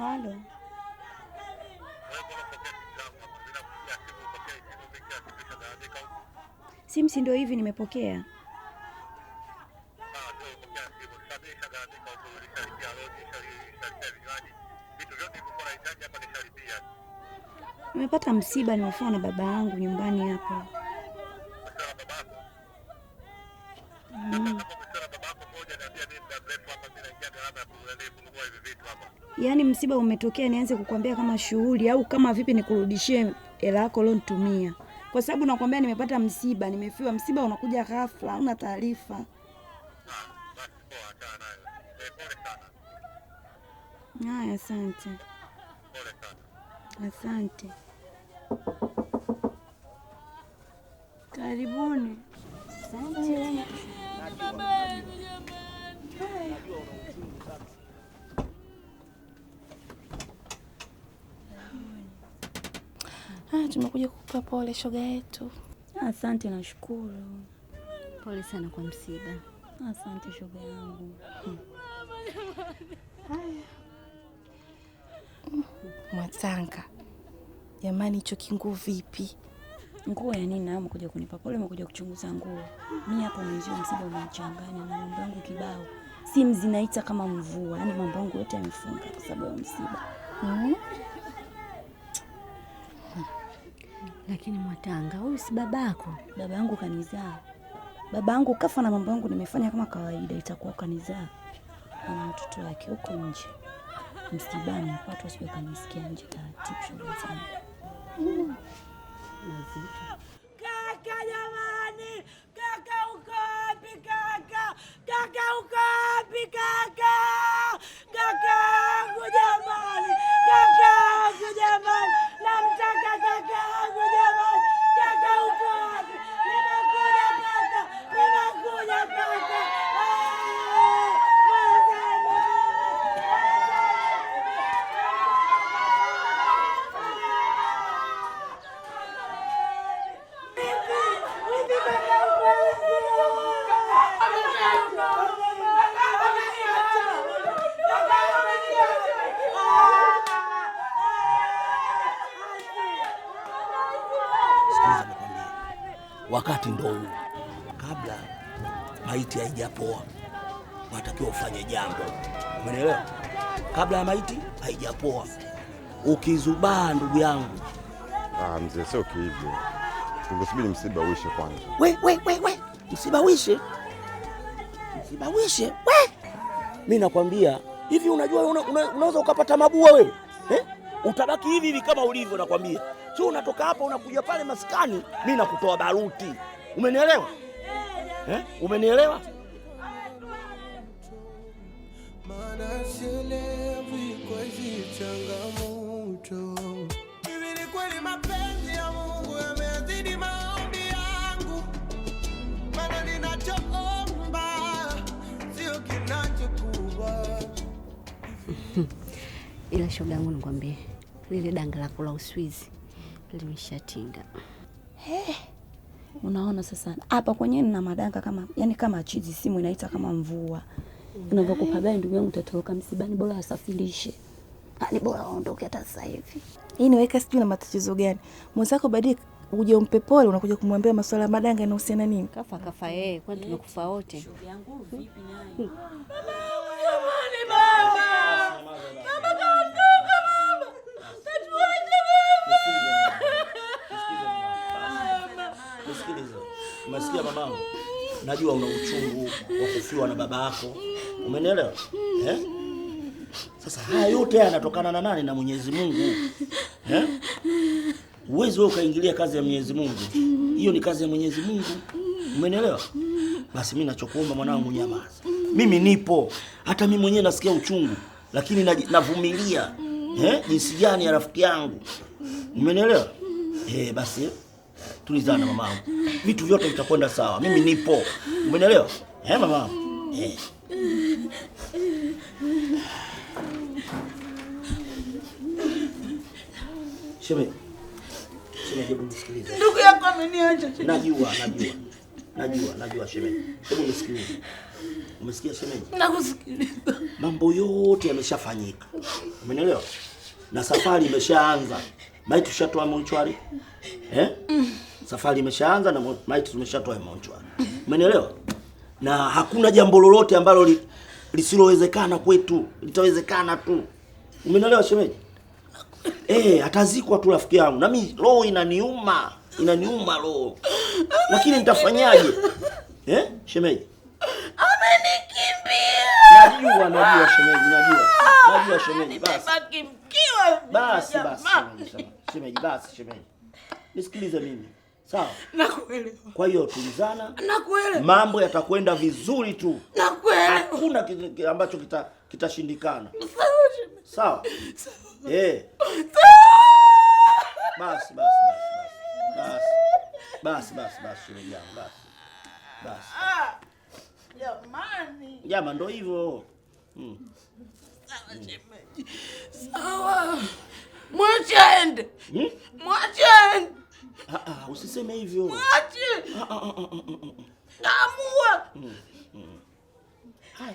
halo Simsi, ndio hivi nimepokea. Nimepata msiba, nimefiwa na baba yangu nyumbani hapa. yani msiba umetokea, nianze kukwambia kama shughuli au kama vipi, nikurudishie hela yako ulonitumia? Kwa sababu nakwambia nimepata msiba, nimefiwa. Msiba unakuja ghafla, una taarifa. Haya, asante, asante, karibuni, asante. tumekuja kukupa pole shoga yetu. Asante, nashukuru. Pole sana kwa msiba. Asante shoga yangu. Mwatanga, jamani, hicho kinguo vipi? Nguo ya nini? Nawe kuja kunipa pole, umekuja kuchunguza nguo? Mi hapo mwenzio msiba umenichanganya na mambo yangu kibao, simu zinaita kama mvua, yaani mambo yangu yote yamefunga kwa sababu ya msiba. mm -hmm. Lakini Mwatanga, huyu si babako? Baba yangu kanizaa, baba yangu kafa na mambo yangu nimefanya kama kawaida. Itakuwa kanizaa ana mtoto wake huko nje msibani, watu wasije kanisikia nje, taratibu shughuli zangu Kaka jamani, kaka uko wapi? Kaka, kaka uko wapi? Kaka Sikiliza nikwambie, wakati ndo huu. Kabla maiti haijapoa, unatakiwa ufanye jambo, umeelewa? Kabla ya maiti haijapoa, ukizubaa ndugu yangu. Ah, mzee, sio hivyo, tungesubiri msiba uishe kwanza. We, we, we, we. Msiba uishe, msiba uishe. We, mi nakwambia hivi, unajua unaweza una, una ukapata mabua wewe eh? Utabaki hivi hivi kama ulivyo, nakwambia sio unatoka hapa unakuja pale maskani, mimi nakutoa baruti. Umenielewa eh? Umenielewa? Maana sielewi kwa hizi changamoto. ni kweli mapenzi ya Mungu yamezidi maombi yangu, ninachoomba sio kinachokuwa. Ila shoga yangu nikwambie, lile danga lako la Uswizi limeshatinga. Hey, eh. unaona sasa hapa kwenye nina madanga kama yani kama chizi, simu inaita kama mvua unavyokupagai. Ndugu yangu, utatoroka msibani, bora wasafirishe ni yaani bora waondoke hata sasa hivi. Hii niweka sijui na matatizo gani mwenzako baadaye uje umpe pole, unakuja kumwambia masuala ya madanga yanahusiana nini? Kafa kafa yeye, eh, kwani tumekufa wote? najua una uchungu wa kufiwa na baba yako, umenielewa eh? Sasa haya yote yanatokana na nani? Na Mwenyezi Mungu eh? Uwezi wewe ukaingilia kazi ya Mwenyezi Mungu, hiyo ni kazi ya Mwenyezi Mungu, umenielewa? Basi mimi nachokuomba mwanangu, nyamaza. Mimi nipo, hata mimi mwenyewe nasikia uchungu, lakini navumilia eh, jinsi gani ya rafiki yangu, umenielewa eh? Basi tulizana mamangu, vitu vyote vitakwenda sawa, mimi nipo, umenielewa eh, mama eh. Shemeji, shemeji, hebu nisikilize. Ndugu yako ameniacha Najua, najua. Najua, najua shemeji. Hebu nisikilize. Umesikia shemeji? Nakusikiliza. Mambo yote yameshafanyika. Umenielewa? Na safari imeshaanza. Maiti tushatoa mochwari. Eh? Mm safari imeshaanza na maiti tumeshatoa ya mochwari. Umeelewa? na hakuna jambo lolote ambalo li, lisilowezekana kwetu, litawezekana tu. Umeelewa shemeji? Eh, atazikwa tu rafiki yangu. Na mimi roho inaniuma, inaniuma roho. Lakini nitafanyaje? Eh, shemeji? Amenikimbia. Najua, najua shemeji, najua. Najua shemeji, basi. Basi basi. Shemeji, basi shemeji. Nisikilize mimi. Sawa. Nakuelewa. Kwa hiyo tulizana. Nakuelewa. Mambo yatakwenda vizuri tu. Nakuelewa. Hakuna kitu ambacho kita kitashindikana. Sawa. Sawa. Eh. Basi basi basi. Basi. Basi basi basi shule yangu basi. Basi. Jamani. Jamani ndo hivyo. Mm. Sawa. Mwache aende. Hmm? Mwache Ah, ah, ah meio viu? Mate! Ah, ah, ah, ah, ah. Naamua. Mm, mm. Hai.